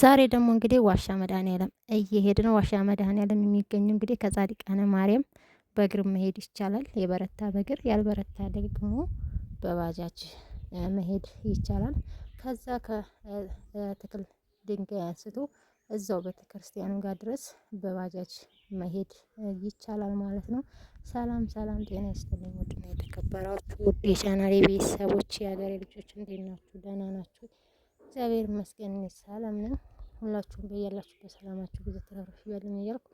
ዛሬ ደግሞ እንግዲህ ዋሻ መድኃኔዓለም እየሄድ ነው። ዋሻ መድኃኔዓለም የሚገኙ እንግዲህ ከጻድቃነ ማርያም በእግር መሄድ ይቻላል። የበረታ በእግር ያልበረታ ደግሞ በባጃጅ መሄድ ይቻላል። ከዛ ከትክል ድንጋይ አንስቶ እዛው ቤተ ክርስቲያኑ ጋር ድረስ በባጃጅ መሄድ ይቻላል ማለት ነው። ሰላም ሰላም፣ ጤና ይስጥልኝ ውድና የተከበራችሁ ውድ የቻናሌ ቤተሰቦች፣ የሀገሬ ልጆች እንዴት ናችሁ? ደህና ናችሁ? እግዚአብሔር ይመስገን ሰላም ነን። ሁላችሁም በያላችሁበት በሰላማችሁ ብዙ ተረፍ ይበልን እያልኩ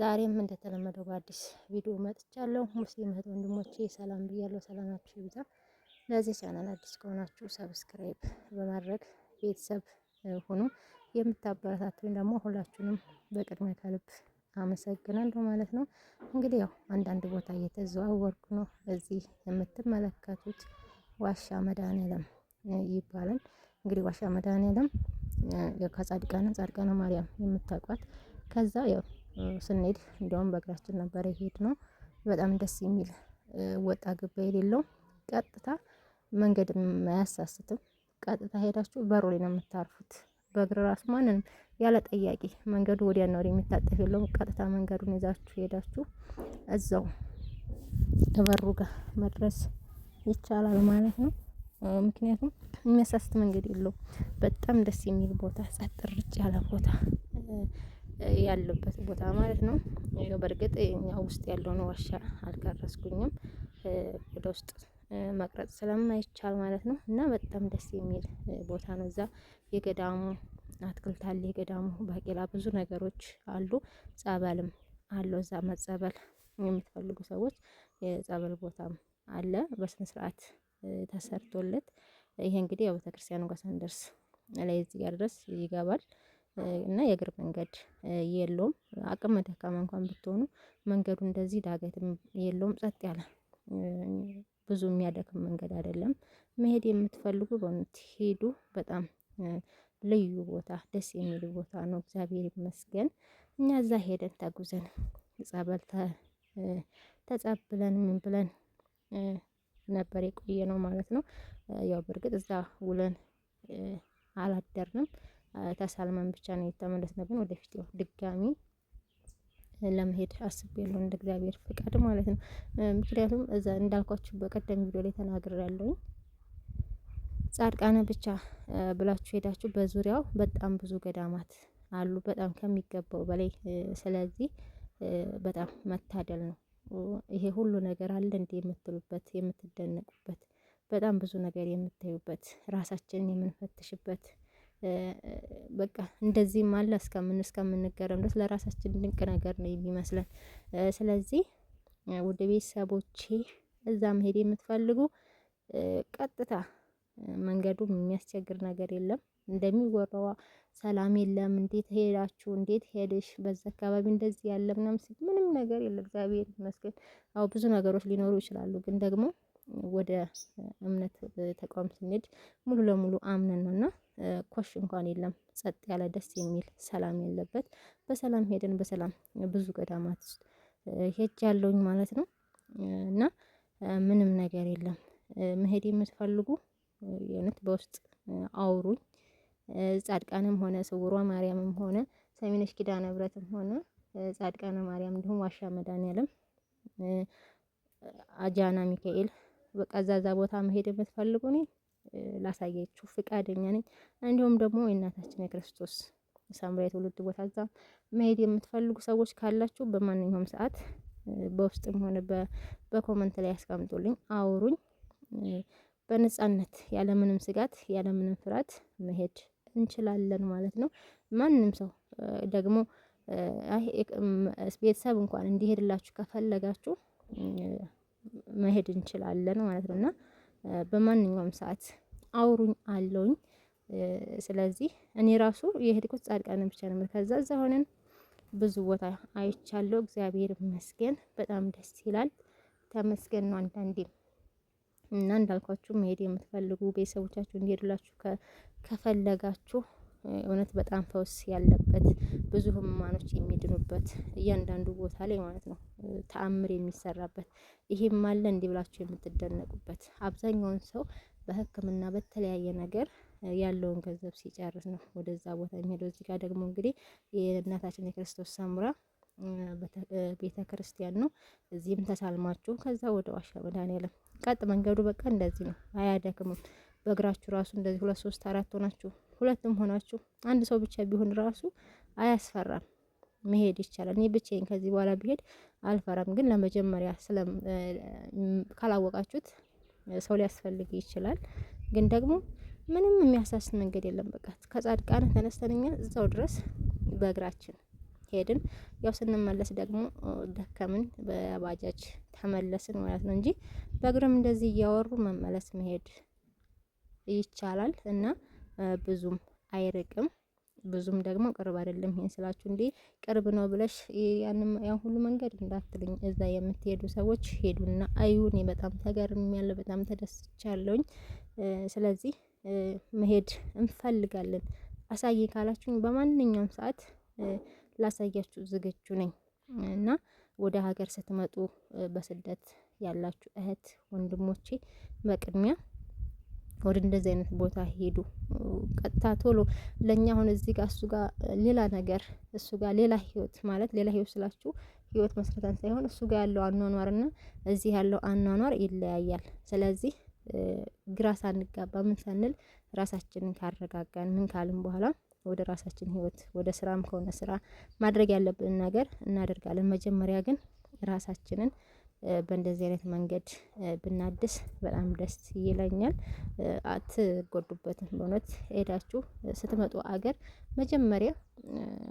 ዛሬም እንደተለመደው በአዲስ ቪዲዮ መጥቻለሁ። ሙስሊም እህት ወንድሞቼ ሰላም ብያለሁ። ሰላማችሁ ይብዛ። ለዚህ ቻናል አዲስ ከሆናችሁ ሰብስክራይብ በማድረግ ቤተሰብ ሁኑ። የምታበረታቱኝ ደግሞ ሁላችሁንም በቅድሚያ ከልብ አመሰግናለሁ ማለት ነው። እንግዲህ ያው አንዳንድ ቦታ እየተዘዋወርኩ ነው። እዚህ የምትመለከቱት ዋሻ መድኃኔዓለም ይባላል። እንግዲህ ዋሻ መድኃኔዓለም ከጻድቃነ ጻድቃነ ማርያም የምታውቋት። ከዛ ያው ስንሄድ እንደውም በእግራችን ነበረ ይሄድ ነው። በጣም ደስ የሚል ወጣ ገባ የሌለው ቀጥታ መንገድ አያሳስትም። ቀጥታ ሄዳችሁ በሩ ላይ ነው የምታርፉት። በእግር ራሱ ማንንም ያለ ጠያቂ መንገዱ ወዲያ ነው የሚታጠፍ የለውም። ቀጥታ መንገዱን ይዛችሁ ሄዳችሁ እዛው በሩ ጋር መድረስ ይቻላል ማለት ነው። ምክንያቱም የሚያሳስት መንገድ የለውም። በጣም ደስ የሚል ቦታ፣ ጸጥ ርጭ ያለ ቦታ ያለበት ቦታ ማለት ነው። በእርግጥ እኛ ውስጥ ያለውን ዋሻ አልቀረስኩኝም ወደ ውስጥ መቅረጽ ስለማይቻል ማለት ነው። እና በጣም ደስ የሚል ቦታ ነው። እዛ የገዳሙ አትክልት አለ፣ የገዳሙ ባቄላ፣ ብዙ ነገሮች አሉ። ጸበልም አለው እዛ መጸበል የምትፈልጉ ሰዎች የጸበል ቦታም አለ በስነ ስርዓት ተሰርቶለት ይሄ እንግዲህ ያው ቤተክርስቲያኑ ጋር ሳንደርስ ላይ እዚህ ጋር ድረስ ይገባል እና የእግር መንገድ የለውም። አቅመ ደካማ እንኳን ብትሆኑ መንገዱ እንደዚህ ዳገትም የለውም። ጸጥ ያለ ብዙ የሚያደክም መንገድ አይደለም። መሄድ የምትፈልጉ በእውነት ሄዱ። በጣም ልዩ ቦታ፣ ደስ የሚል ቦታ ነው። እግዚአብሔር ይመስገን እኛ እዛ ሄደን ተጉዘን ጸበል ተጸብለን ምን ብለን ነበር የቆየ ነው ማለት ነው። ያው በእርግጥ እዛ ውለን አላደርንም ተሳልመን ብቻ ነው የተመለስነው። ግን ወደፊት ድጋሚ ለመሄድ አስቤያለሁ እንደ እግዚአብሔር ፍቃድ ማለት ነው። ምክንያቱም እዛ እንዳልኳችሁ በቀደም ቪዲዮ ላይ ተናግሬያለሁኝ። ጻድቃነ ብቻ ብላችሁ ሄዳችሁ በዙሪያው በጣም ብዙ ገዳማት አሉ፣ በጣም ከሚገባው በላይ ስለዚህ በጣም መታደል ነው። ይሄ ሁሉ ነገር አለ እንዲህ የምትሉበት የምትደነቁበት በጣም ብዙ ነገር የምታዩበት ራሳችንን የምንፈትሽበት በቃ እንደዚህም አለ እስከምን እስከምንገረም ድረስ ለራሳችን ድንቅ ነገር ነው የሚመስለን። ስለዚህ ወደ ቤተሰቦቼ እዛ መሄድ የምትፈልጉ ቀጥታ መንገዱ የሚያስቸግር ነገር የለም። እንደሚወራው ሰላም የለም፣ እንዴት ሄዳችሁ፣ እንዴት ሄድሽ፣ በዛ አካባቢ እንደዚህ ያለ ምናምን ሲል ምንም ነገር የለም። እግዚአብሔር ይመስገን። አዎ ብዙ ነገሮች ሊኖሩ ይችላሉ፣ ግን ደግሞ ወደ እምነት ተቋም ስንሄድ ሙሉ ለሙሉ አምነን ነውና ኮሽ እንኳን የለም። ጸጥ ያለ ደስ የሚል ሰላም ያለበት በሰላም ሄደን በሰላም ብዙ ገዳማት ውስጥ ሄጅ ያለውኝ ማለት ነው እና ምንም ነገር የለም። መሄድ የምትፈልጉ የእውነት በውስጥ አውሩኝ። ጻድቃንም ሆነ ስውሯ ማርያምም ሆነ ሰሚነሽ ኪዳነ ምሕረትም ሆነ ጻድቃነ ማርያም እንዲሁም ዋሻ መድኃኔዓለም አጃና ሚካኤል በቃ እዛዛ ቦታ መሄድ የምትፈልጉ እኔ ላሳያችሁ ፍቃደኛ ነኝ። እንዲሁም ደግሞ የእናታችን የክርስቶስ ሳምራ የትውልድ ቦታ እዛ መሄድ የምትፈልጉ ሰዎች ካላችሁ በማንኛውም ሰዓት በውስጥም ሆነ በኮመንት ላይ ያስቀምጡልኝ፣ አውሩኝ። በነጻነት ያለምንም ስጋት ያለምንም ፍርሃት መሄድ እንችላለን ማለት ነው። ማንም ሰው ደግሞ ቤተሰብ እንኳን እንዲሄድላችሁ ከፈለጋችሁ መሄድ እንችላለን ማለት ነው። እና በማንኛውም ሰዓት አውሩኝ አለውኝ። ስለዚህ እኔ ራሱ የሄድኩት ጻድቃንን ብቻ ነበር። ከዛ እዛ ሆነን ብዙ ቦታ አይቻለሁ። እግዚአብሔር ይመስገን። በጣም ደስ ይላል። ተመስገን ነው አንዳንዴም እና እንዳልኳችሁ መሄድ የምትፈልጉ ቤተሰቦቻችሁ እንዲሄዱላችሁ ከፈለጋችሁ እውነት በጣም ፈውስ ያለበት ብዙ ህሙማኖች የሚድኑበት እያንዳንዱ ቦታ ላይ ማለት ነው ተአምር የሚሰራበት ይሄም አለ እንዲህ ብላችሁ የምትደነቁበት። አብዛኛውን ሰው በህክምና በተለያየ ነገር ያለውን ገንዘብ ሲጨርስ ነው ወደዛ ቦታ የሚሄደው። እዚህ ጋር ደግሞ እንግዲህ የእናታችን የክርስቶስ ሰምራ ቤተ ክርስቲያን ነው። እዚህም ተሳልማችሁ ከዛ ወደ ዋሻ መድኃኔዓለም ቀጥ መንገዱ በቃ እንደዚህ ነው፣ አያደክምም። በእግራችሁ ራሱ እንደዚህ ሁለት ሶስት አራት ሆናችሁ ሁለትም ሆናችሁ አንድ ሰው ብቻ ቢሆን ራሱ አያስፈራም፣ መሄድ ይቻላል። እኔ ብቻዬን ከዚህ በኋላ ብሄድ አልፈራም። ግን ለመጀመሪያ ካላወቃችሁት ሰው ሊያስፈልግ ይችላል። ግን ደግሞ ምንም የሚያሳስብ መንገድ የለም። በቃ ከጻድቃን ተነስተንኛ እዛው ድረስ በእግራችን ሄድን። ያው ስንመለስ ደግሞ ደከምን፣ በባጃጅ ተመለስን ማለት ነው እንጂ በእግርም እንደዚህ እያወሩ መመለስ መሄድ ይቻላል እና ብዙም አይርቅም ብዙም ደግሞ ቅርብ አይደለም። ይሄን ስላችሁ እንዴ ቅርብ ነው ብለሽ ያንም ያን ሁሉ መንገድ እንዳትልኝ። እዛ የምትሄዱ ሰዎች ሄዱና አዩን። በጣም ተገርም ያለው በጣም ተደስቻለሁኝ። ስለዚህ መሄድ እንፈልጋለን አሳይ ካላችሁኝ በማንኛውም ሰዓት ላሳያችሁ ዝግጁ ነኝ እና ወደ ሀገር ስትመጡ በስደት ያላችሁ እህት ወንድሞቼ በቅድሚያ ወደ እንደዚህ አይነት ቦታ ሄዱ። ቀጥታ ቶሎ ለእኛ አሁን እዚህ ጋር እሱ ጋር ሌላ ነገር እሱ ጋር ሌላ ህይወት ማለት ሌላ ህይወት ስላችሁ ህይወት መስረታን ሳይሆን እሱ ጋር ያለው አኗኗርና እዚህ ያለው አኗኗር ይለያያል። ስለዚህ ግራ ሳንጋባ ምን ሳንል ራሳችንን ካረጋጋን ምን ካልን በኋላ ወደ ራሳችን ህይወት ወደ ስራም ከሆነ ስራ ማድረግ ያለብን ነገር እናደርጋለን። መጀመሪያ ግን ራሳችንን በእንደዚህ አይነት መንገድ ብናድስ በጣም ደስ ይለኛል። አትጎዱበትም። በእውነት ሄዳችሁ ስትመጡ አገር መጀመሪያ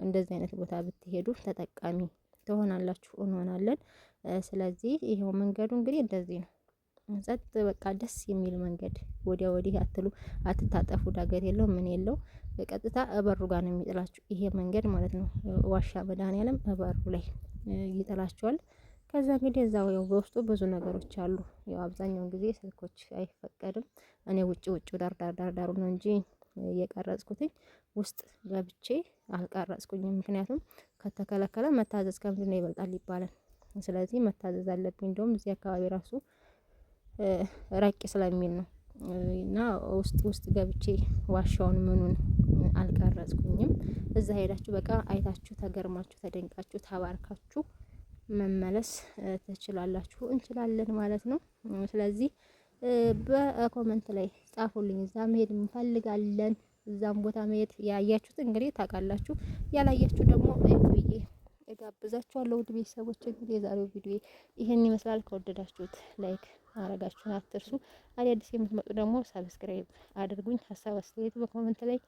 እንደዚህ አይነት ቦታ ብትሄዱ ተጠቃሚ ትሆናላችሁ፣ እንሆናለን። ስለዚህ ይሄው መንገዱ እንግዲህ እንደዚህ ነው። ጸጥ በቃ ደስ የሚል መንገድ ወዲያ ወዲህ አትሉ፣ አትታጠፉ፣ ዳገት የለው ምን የለው በቀጥታ እበሩ ጋር ነው የሚጥላችሁ። ይሄ መንገድ ማለት ነው ዋሻ መድኃኔዓለም እበሩ ላይ ይጥላችኋል። ከዛ እንግዲህ እዛው ያው በውስጡ ብዙ ነገሮች አሉ። ያው አብዛኛውን ጊዜ ስልኮች አይፈቀድም። እኔ ውጭ ውጭ ዳር ዳር ዳር ዳሩ ነው እንጂ የቀረጽኩትኝ ውስጥ ገብቼ አልቀረጽኩኝም። ምክንያቱም ከተከለከለ መታዘዝ ከምንድን ነው ይበልጣል ይባላል። ስለዚህ መታዘዝ አለብኝ። እንደውም እዚህ አካባቢ ራሱ ራቅ ስለሚል ነው እና ውስጥ ውስጥ ገብቼ ዋሻውን ምኑን አልቀረጽኩኝም። እዛ ሄዳችሁ በቃ አይታችሁ ተገርማችሁ ተደንቃችሁ ተባርካችሁ መመለስ ትችላላችሁ እንችላለን ማለት ነው። ስለዚህ በኮመንት ላይ ጻፉልኝ። እዛ መሄድ እንፈልጋለን፣ እዛም ቦታ መሄድ ያያችሁት እንግዲህ ታውቃላችሁ፣ ያላያችሁ ደግሞ ብዬ እጋብዛችኋለሁ። ውድ ቤተሰቦች እንግዲህ የዛሬው ቪዲዮ ይህን ይመስላል። ከወደዳችሁት ላይክ ማድረጋችሁን አትርሱ። አዳዲስ የምትመጡ ደግሞ ሰብስክራይብ አድርጉኝ። ሀሳብ አስተያየት በኮመንት ላይ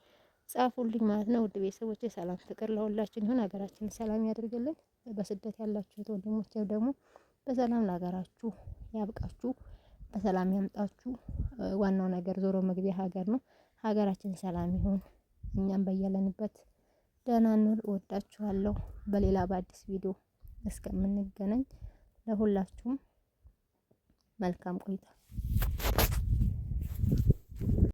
ጻፉልኝ ማለት ነው። ውድ ቤተሰቦች ሰላም ፍቅር ለሁላችን ይሁን። ሀገራችን ሰላም ያደርግልን። በስደት ያላችሁ ወንድሞች ደግሞ በሰላም ለሀገራችሁ ያብቃችሁ፣ በሰላም ያምጣችሁ። ዋናው ነገር ዞሮ መግቢያ ሀገር ነው። ሀገራችን ሰላም ይሁን። እኛም በያለንበት ደህና እንውል። እወዳችኋለሁ። በሌላ በአዲስ ቪዲዮ እስከምንገናኝ ለሁላችሁም Malcolm